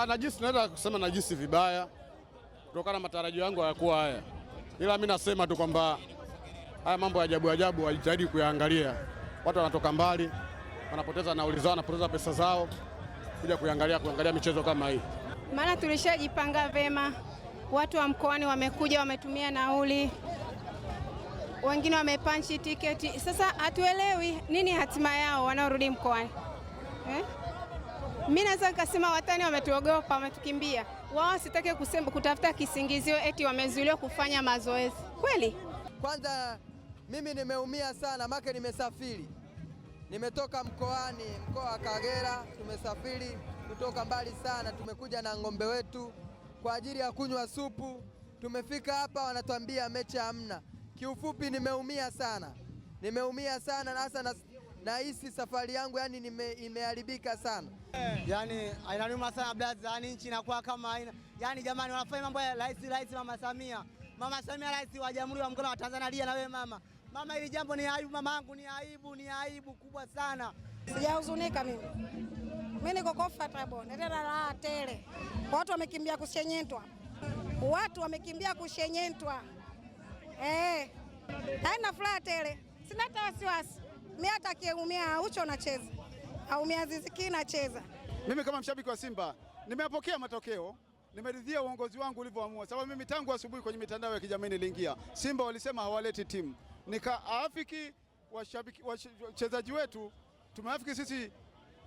Ah, najisi naweza kusema najisi vibaya kutokana na matarajio yangu hayakuwa haya, ila mi nasema tu kwamba haya mambo ya ajabu ajabu wajitahidi kuyaangalia. Watu wanatoka mbali, wanapoteza nauli zao, wanapoteza pesa zao kuja kuangalia kuangalia michezo kama hii, maana tulishajipanga vema. Watu wa mkoani wamekuja, wametumia nauli, wengine wamepanchi tiketi. Sasa hatuelewi nini hatima yao wanaorudi mkoani eh? Mimi naweza nikasema watani wametuogopa, wametukimbia. Wao sitaki kusema kutafuta kisingizio eti wamezuiliwa kufanya mazoezi. Kweli? Kwanza mimi nimeumia sana, make nimesafiri, nimetoka mkoani, mkoa wa Kagera, tumesafiri kutoka mbali sana, tumekuja na ng'ombe wetu kwa ajili ya kunywa supu. Tumefika hapa wanatuambia mechi hamna. Kiufupi nimeumia sana, nimeumia sana na hasa nahisi safari yangu yani nime, imeharibika sana yani, inanuma sana blaza, yani nchi inakuwa kama aina yani. Jamani, wanafanya mambo ya rais rais, mama Samia, mama Samia, rais wa Jamhuri wa Muungano wa Tanzania. Lia na wewe mama, mama, hili jambo ni aibu mamangu, ni aibu, ni aibu kubwa sana. Sijahuzunika mimi, mimi niko comfortable, tena raha tele. Watu wamekimbia kushenyentwa, watu wamekimbia kushenyentwa, eh, haina furaha tele, sina hata wasiwasi mi hata akiumia Aucho nacheza, aumia Ziziki nacheza. Mimi kama mshabiki wa Simba nimeyapokea matokeo nimeridhia uongozi wangu ulivyoamua, sababu mimi tangu asubuhi kwenye mitandao ya kijamii niliingia, Simba walisema hawaleti timu, washabiki wachezaji wetu, tumeafiki sisi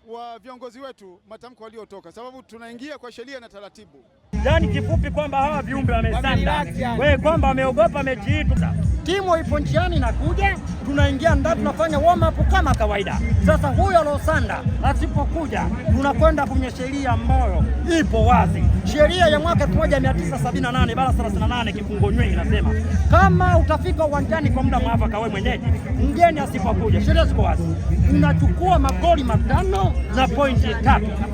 wa viongozi wetu matamko waliotoka, sababu tunaingia kwa sheria na taratibu. Yani kifupi kwamba hawa viumbe wamesanda wewe, kwamba wameogopa mechi hii timu ipo njiani inakuja, tunaingia ndani, tunafanya warm up kama kawaida. Sasa huyo Losanda asipokuja, tunakwenda kwenye sheria ambayo ipo wazi, sheria ya mwaka 1978 bara 38 kifungo nywe inasema kama utafika uwanjani kwa muda mwafaka, wewe mwenyeji, mgeni asipokuja, sheria ziko wazi, unachukua magoli matano na pointi tatu.